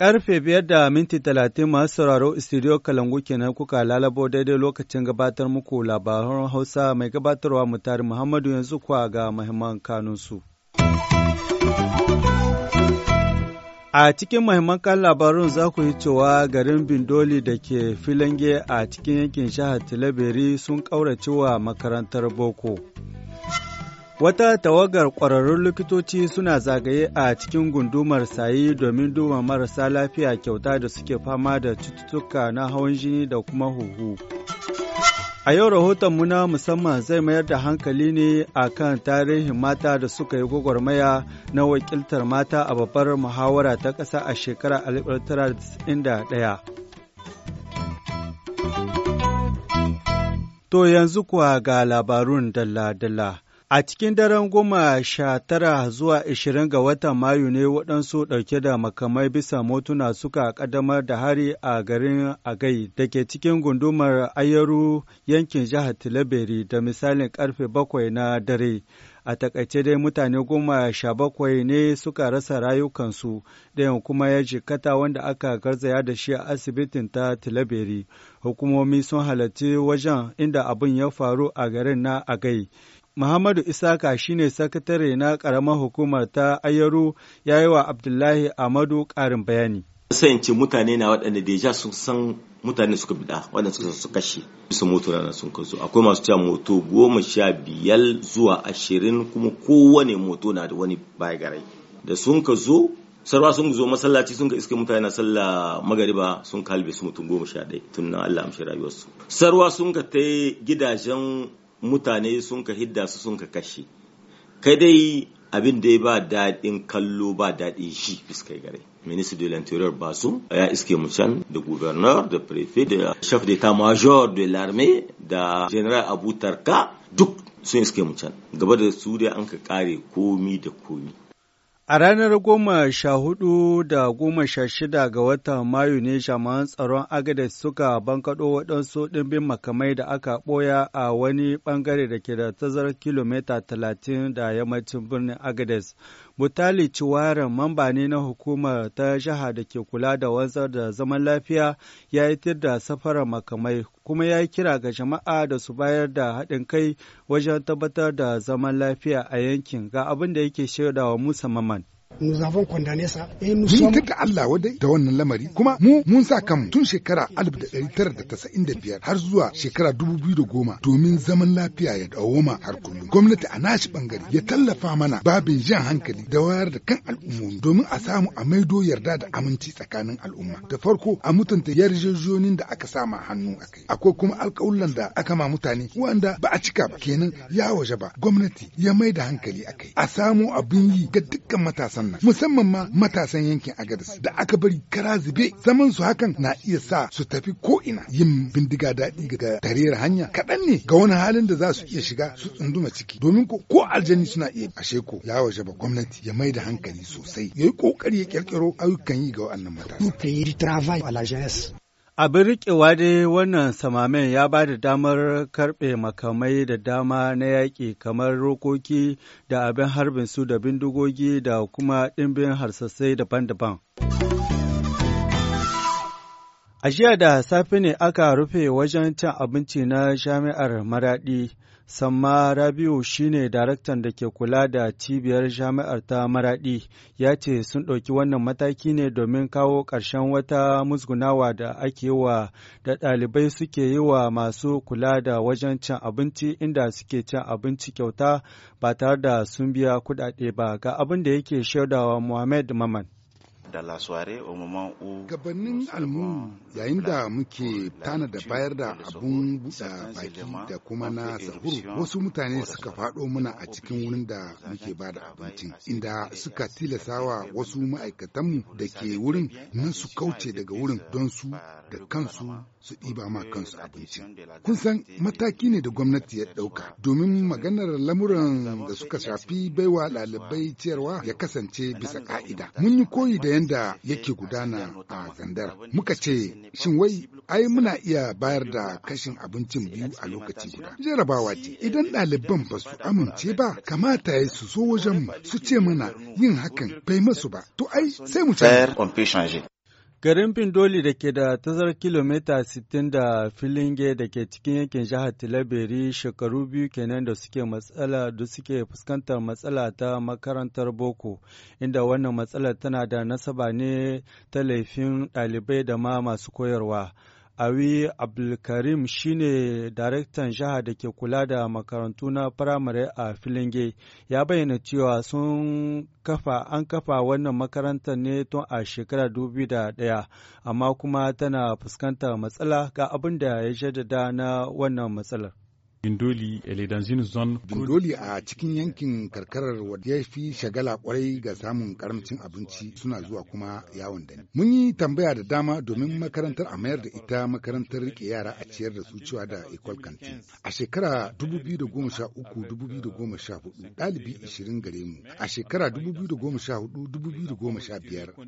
Karfe biyar da minti talatin masu sauraro studio Kalangu kenan kuka lalabo daidai lokacin gabatar muku labaran Hausa mai gabatarwa mutari Muhammadu yanzu kuwa ga mahimman kanunsu. A cikin mahimman labarun za ku yi cewa garin Bindoli da ke filange a cikin yankin shahar Tilaberi sun wa makarantar Boko. Wata tawagar ƙwararrun likitoci suna zagaye a cikin gundumar sayi domin duba marasa lafiya kyauta da suke fama da cututtuka na hawan jini da kuma huhu. A yau rahotonmu na musamman zai mayar da hankali ne a kan tarihin mata da suka yi gwagwarmaya na wakiltar mata a babbar muhawara ta ƙasa a shekarar 1991. To yanzu kuwa ga labarun dalla-dalla. A cikin daren goma sha tara zuwa ashirin ga watan Mayu ne waɗansu ɗauke da makamai bisa motuna suka ƙaddamar da hari a garin Agai da ke cikin gundumar Ayaru yankin jihar Tilaberi da misalin ƙarfe bakwai na dare. a takaice dai mutane goma sha bakwai ne suka rasa rayukansu ɗayan kuma ya jikata wanda aka garzaya da shi a asibitin ta tilaberi hukumomi sun halarci wajen inda abin ya faru a garin na agai Muhammadu Isaka shine sakatare na ƙaramar hukumar ta Ayaru ya yi wa Abdullahi Amadu ƙarin bayani. Sayance mutane na waɗanda deja sun san mutane suka bida waɗanda suka su kashe su moto na sun kazo akwai masu cewa moto goma sha biyar zuwa ashirin kuma kowane moto na da wani baya garai da sun ka zo sarwa sun zo masallaci sun ka iske mutane na sallah magariba sun kalbe su mutum goma sha ɗaya tun na Allah amshi rayuwarsu sarwa sun ka ta gidajen mutane sun ka hidda su sun ka kashe kai dai abin da ba daɗin kallo ba daɗin shi fiskai gare ministre de ba basu ya iske mu can da gouverneur da préfet da chef d'état major de l'armée da general abu tarka duk sun iske mu can gaba da su dai an ka kare komi da komi A ranar goma sha hudu da goma sha shida ga watan Mayu ne jami'an tsaron agada suka bankaɗo waɗansu ɗimbin makamai da aka ɓoya a wani ɓangare da ke da tazarar kilomita talatin da yammacin birnin Agadez. Mutali Ciwarin mamba ne na hukumar ta jiha da ke kula da wanzar da zaman lafiya ya yi da safarar makamai kuma ya yi kira ga jama'a da su bayar da haɗin kai wajen tabbatar da zaman lafiya a yankin ga abin da yake shaidawa Musa Maman. nous avons condamné ça et nous sommes tir Allah wadai da wannan lamari kuma mu mun sa kanmu tun shekara 1995 har zuwa shekara 2010 domin zaman lafiya ya dawoma har kullum gwamnati a nashi bangare ya tallafa mana babin jan hankali da wayar da kan al'ummomi domin a samu a maido yarda da aminci tsakanin al'umma da farko a mutunta yarjejonin da aka sama hannu a kai akwai kuma alƙawullan da aka ma mutane wanda ba a cika ba kenan ya waje ba gwamnati ya mai da hankali a kai a samu abin yi ga dukkan matasa nan musamman ma matasan yankin agadis da aka bari kara zube zaman su hakan na iya sa su tafi ko ina yin bindiga daɗi ga tarera hanya kaɗan ne ga wani halin da za su iya shiga su tsunduma ciki domin ko ko aljani suna iya ashe ko ya waje ba gwamnati ya mai da hankali sosai ya yi ƙoƙari ya ƙirƙiro ayyukan yi ga waɗannan matasa. Abin riƙewa dai wannan samamen ya ba da damar karɓe makamai da dama na yaƙi kamar rokoki da abin harbin su da bindigogi da kuma ɗimbin harsasai daban-daban. A jiya da safe ne aka rufe wajen cin abinci na jami'ar Maraɗi. Samma Rabiu shine daraktan da ke kula da cibiyar jami'ar ta Maraɗi ya ce sun ɗauki wannan mataki ne domin kawo ƙarshen wata musgunawa da ake wa da ɗalibai suke yi wa masu kula da wajen cin abinci inda suke cin abinci kyauta ba tare da sun biya kuɗaɗe ba ga abin da yake shaidawa Muhammad Maman. gabanin almu yayin da muke tana da bayar da abun buɗa baki da kuma na sahuru wasu mutane suka faɗo mana a cikin wurin da muke ba da abincin inda suka tilasawa wasu ma'aikatanmu da ke wurin nan su kauce daga wurin don euh, su da kansu su ɗiba ma kansu abinci. Kun san mataki ne da gwamnati ya ɗauka domin maganar lamuran da suka shafi baiwa ɗalibai ciyarwa ya kasance bisa ƙa'ida. Mun yi koyi da yanda yake gudana a zandar. Muka ce, shin wai, ai muna iya bayar da kashin abincin biyu a lokaci guda. Jarabawa ce, idan ɗaliban ba su amince ba, kamata ya su so wajen su ce mana yin hakan bai masu ba. To ai sai mu canza. Garin Bindoli da ke da tazar kilomita 60 da Filinge da ke cikin yankin jihar Tilaberi shekaru biyu kenan da suke matsala da suke fuskantar matsala ta makarantar boko inda wannan matsalar tana da nasaba ne ta laifin ɗalibai da ma masu koyarwa. Awi Abdulkarim shine daraktan jiha da ke kula da makarantu na firamare a Filinge ya bayyana cewa sun kafa an kafa wannan makarantar ne tun a shekara dubi da ɗaya amma kuma tana fuskantar matsala ga abin da ya jaddada na wannan matsalar. Dindoli Dindoli a cikin yankin karkarar wadda ya fi shagala kwarai ga samun karamcin abinci suna zuwa kuma yawon dani. Mun yi tambaya da dama domin makarantar a mayar da ita makarantar rike yara a ciyar da su cewa da Ecole Kantin. A shekara 2013-2014 ɗalibi 20 gare mu. A shekara 2014-2015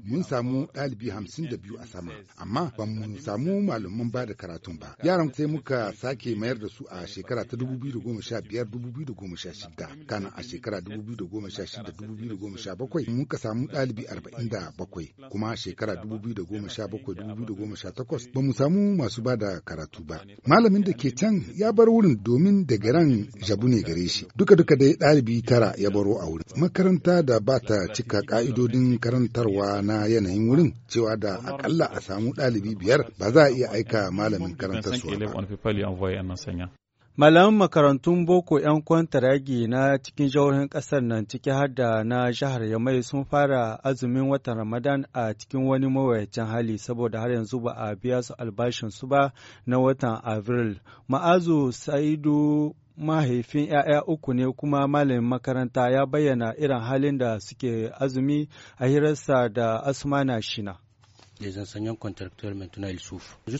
mun samu ɗalibi 52 a sama amma ba mu samu malaman ba da karatun ba. Yaran sai muka sake mayar da su a shekara shekara ta 2015-2016 kana a shekara 2016-2017 muka samu ɗalibi 47 kuma a shekara 2017-2018 ba mu samu masu ba da karatu ba. Malamin da ke can ya bar wurin domin da garan jabu ne gare shi. Duka-duka dai ɗalibi tara ya baro a wurin. Makaranta da ba ta cika ƙa'idodin karantarwa na yanayin wurin cewa da akalla a samu ɗalibi biyar ba za a iya aika malamin karantarsu ba. Malaman makarantun boko 'yan kwantaragi na cikin jihohin ƙasar nan ciki har na jihar Yamai sun fara azumin watan Ramadan a cikin wani mawayacin hali saboda har yanzu ba a biya su albashin su ba na watan Avril. Ma'azu Sa'idu mahaifin 'ya'ya uku ne kuma malamin makaranta ya bayyana irin halin da suke azumi a hirarsa da Asmana Shina. les enseignants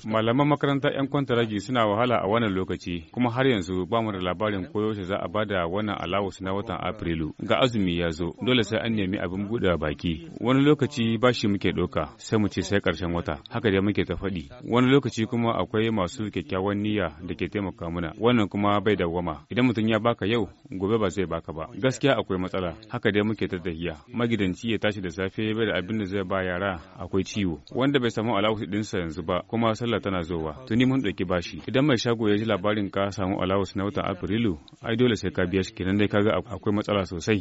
Malaman makaranta 'yan ragi suna wahala a wannan lokaci kuma har yanzu ba mu da labarin koyaushe za a bada wannan alawus na watan Afrilu. Ga azumi ya zo dole sai an nemi abin buɗe baki. Wani lokaci bashi muke ɗauka sai mu ce sai karshen wata haka dai muke ta faɗi. Wani lokaci kuma akwai masu kyakkyawan niyya da ke taimaka mana wannan kuma bai dawwama idan mutum ya baka yau gobe ba zai baka ba gaskiya akwai matsala haka dai muke ta tahiya magidanci ya tashi da safe bai da abin da zai ba yara akwai ciwo wanda bai samu alawus dinsa yanzu ba kuma sallah tana zowa tuni mun ɗauki bashi idan mai shago ya ji labarin ka samu alawus na watan afrilu ai dole sai ka biya shi kenan dai kaga akwai matsala sosai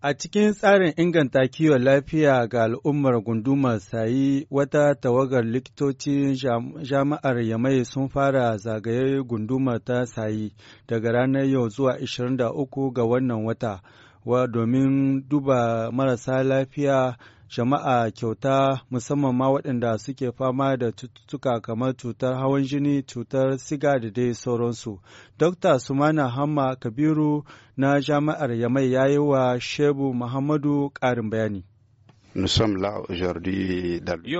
A cikin tsarin inganta kiwon lafiya ga al'ummar gundumar sayi wata tawagar likitocin jami'ar Yamai sun fara zagaye gundumar ta sayi daga ranar yau zuwa 23 ga wannan wata. wa domin duba marasa lafiya jama'a kyauta musamman ma waɗanda suke fama da cututtuka kamar cutar hawan jini cutar siga da dai sauransu dokta sumana hamma kabiru na jami'ar yamai ya yi wa shebu muhammadu ƙarin bayani Yau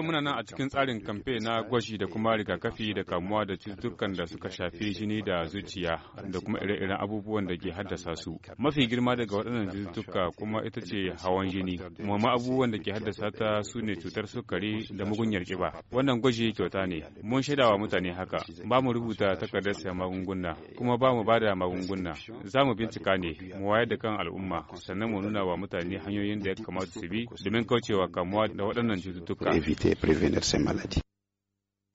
muna nan a cikin tsarin kamfe na gwaji da kuma rigakafi da kamuwa da cututtukan da suka shafi jini da zuciya da kuma ire-iren abubuwan da ke haddasa su. Mafi girma daga waɗannan cututtuka kuma ita ce hawan jini, kuma abubuwan da ke haddasa ta su ne cutar sukari da mugunyar ƙiba. Wannan gwaji kyauta ne, mun wa mutane haka, ba mu rubuta takardar sayan magunguna, kuma ba mu ba da magunguna. Za mu bincika ne, mu wayar da kan al'umma, sannan mu nuna wa mutane hanyoyin da ya kamata su bi domin kauce kaucewa kamuwa da waɗannan cututtuka.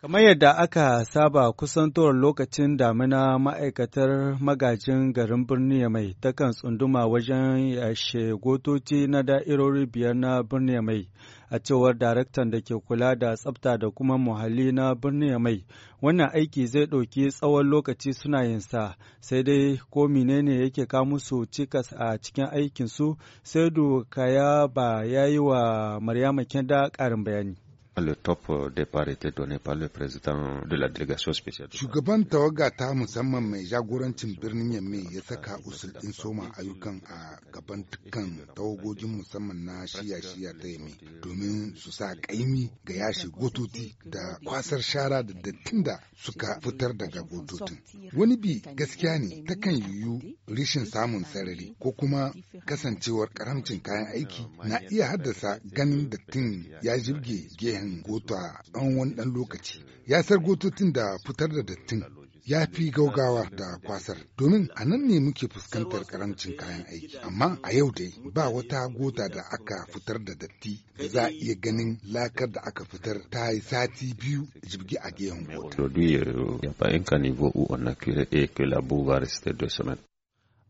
Kamar yadda aka saba kusan kusantowar lokacin damina ma'aikatar magajin garin birni mai takan tsunduma wajen yashe gotoci na da'irori biyar na birni mai a cewar daraktan da ke kula da tsafta da kuma muhalli na birni mai wannan aiki zai ɗauki tsawon lokaci suna yinsa sai dai ko menene yake ka su cikas a cikin aikinsu sai kaya ba ya yi wa maryama ƙarin bayani. le top euh, départ était donné par le président de la délégation spéciale. Shugaban tawaga ta musamman mai jagorancin birnin Yamme ya saka usul din soma ayyukan a gaban dukkan tawagogin musamman na shiya-shiya ta Yamme domin su sa kaimi ga yashi gototi da kwasar shara da dattin da suka fitar daga gototin. Wani bi gaskiya ne ta kan yiwu rishin samun sarari ko kuma kasancewar karamcin kayan aiki na iya haddasa ganin dattin ya jirge gehen samun gota ɗan wani ɗan lokaci ya sar gototin da fitar da dattin ya fi gaugawa da kwasar domin a nan ne muke fuskantar karamcin kayan aiki amma a yau dai ba wata gota da aka fitar da datti da za a iya ganin lakar da aka fitar ta yi sati biyu jibgi a gehen gota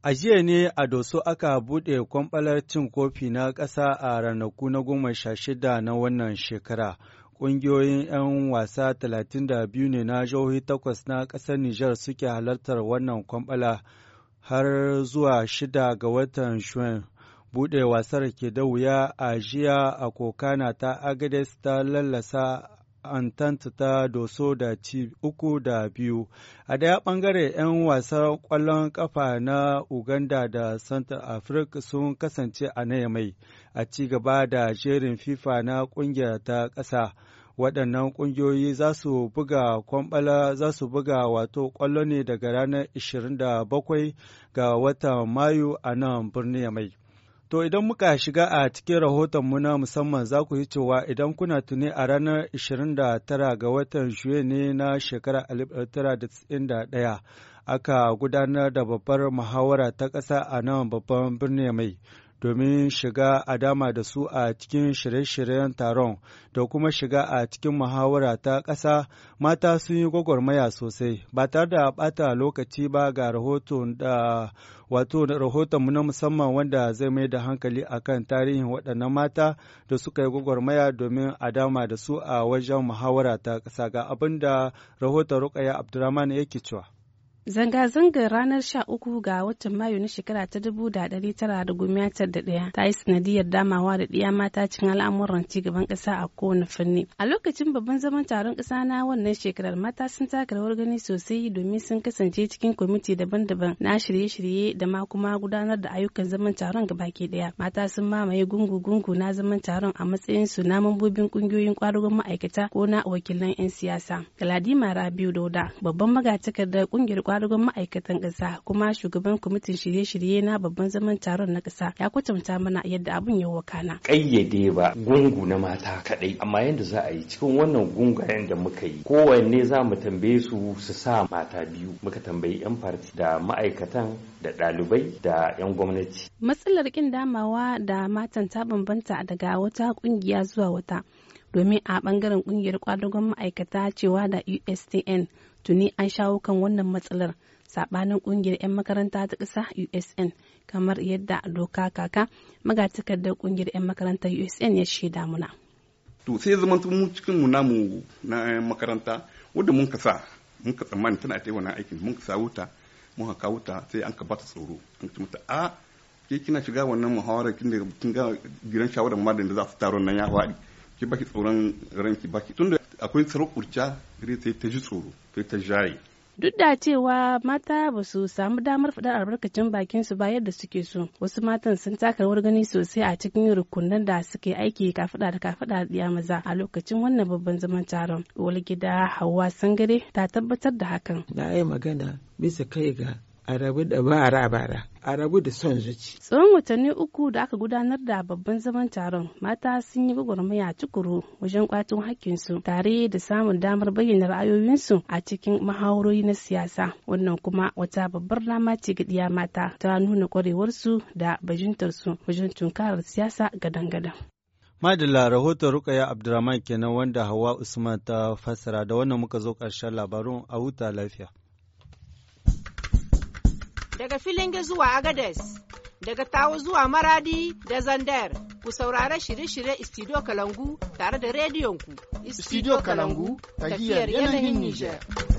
A jiya ne a Doso aka buɗe kwamɓalar cin kofi na ƙasa a ranaku na goma sha shida na wannan shekara. Ƙungiyoyin 'yan wasa 32 ne na jihohi takwas na ƙasar Nijar suke halartar wannan kwamɓala har zuwa shida ga watan Shuen. buɗe wasar ke da wuya a jiya a kokana ta agades ta lallasa Entente ta doso da ci uku da biyu. A daya ɓangare 'yan wasan ƙwallon ƙafa na Uganda da Santa Africa sun kasance a na mai a ci gaba da jerin FIFA na ƙungiyar ta ƙasa. waɗannan ƙungiyoyi za su buga kwamɓala za su buga wato ƙwallo ne daga ranar 27 ga watan mayu a nan birnin mai. To idan muka shiga a cikin rahotonmu na musamman za ku yi cewa idan kuna tuni a ranar 29 ga watan Juye ne na shekarar 1991 aka gudanar da babbar muhawara ta ƙasa a nan babban birni mai. domin shiga a dama da su a cikin shirye-shiryen taron da kuma shiga a cikin muhawara ta ƙasa mata sun yi gwagwarmaya sosai ba tare da ɓata lokaci ba ga rahoton da wato mu na musamman wanda zai mai da hankali a kan tarihin waɗannan mata da suka yi gwagwarmaya domin a dama da su a wajen muhawara ta ƙasa ga abin da rahoton Rukaya Abdurrahman yake cewa. Zanga-zangar ranar 13 ga watan Mayu na shekara ta 1991 ta yi sanadiyar damawa da ɗiya mata cikin al'amuran cigaban ƙasa a kowane fanni. A lokacin babban zaman taron ƙasa na wannan shekarar mata sun taka rawar gani sosai domin sun kasance cikin kwamiti daban-daban na shirye-shirye da ma kuma gudanar da ayyukan zaman taron baki ɗaya. Mata sun mamaye gungu-gungu na zaman taron a matsayin su na mambobin ƙungiyoyin ƙwarugon ma'aikata ko na wakilan 'yan siyasa. Galadima Rabiu Dauda babban magatakarda ƙungiyar laluban ma'aikatan ƙasa kuma shugaban kwamitin shirye-shirye na babban zaman taron na ƙasa ya kwatanta mana yadda abin ya wakana. Ƙayyade ba gungu na mata kaɗai amma yadda za a yi cikin wannan gungayen da muka yi kowanne za mu tambaye su su sa mata biyu muka tambayi 'yan farti da ma'aikatan da ɗalibai da 'yan gwamnati. Matsalar ƙin damawa da matan ta bambanta daga wata ƙungiya zuwa wata. domin a bangaren ƙungiyar kwadagon ma'aikata cewa da ustn tuni an shawo kan wannan matsalar sabanin kungiyar 'yan makaranta ta ƙasa usn kamar yadda doka kaka da kungiyar 'yan makaranta usn ya shaida muna to sai zama mu cikin mu namu na makaranta wanda mun kasa mun ka tsammani tana ta wani aikin mun kasa wuta mun haka wuta sai an ka bata tsoro an ci mata a ke kina shiga wannan muhawara kin da kin ga gidan shawarar ma da za su taron nan ya faɗi ki baki tsoron ranki baki tunda akwai tsaron kurca ta ji tsoro ta jaye duk da cewa mata ba su samu damar fadar albarkacin bakin su ba yadda suke so wasu matan sun taka rawar gani sosai a cikin rukunan da suke aiki ka fada da fada maza a lokacin wannan babban zaman taron uwar gida hawa sangare ta tabbatar da hakan na yi magana bisa kai ga a rabu da bara bara a rabu da son zuci. Tsawon watanni uku da aka gudanar da babban zaman taron mata sun yi gwagwarmaya cikuru wajen kwatun hakkinsu tare da samun damar bayyana ra'ayoyinsu a cikin mahawarori na siyasa wannan kuma wata babbar dama ce ga ɗiya mata ta nuna kwarewarsu da bajintarsu wajen tunkarar siyasa gadan-gadan. Madalla rahoton Rukaya abdulrahman kenan wanda Hawa Usman ta fassara da wannan muka zo karshen labarun a huta lafiya. daga Filinge zuwa Agades, daga Tawo zuwa Maradi da Zandar. Ku saurara shirye-shirye Studio Kalangu tare da rediyonku. Studio Kalangu, tafiyar yanayin Nijar.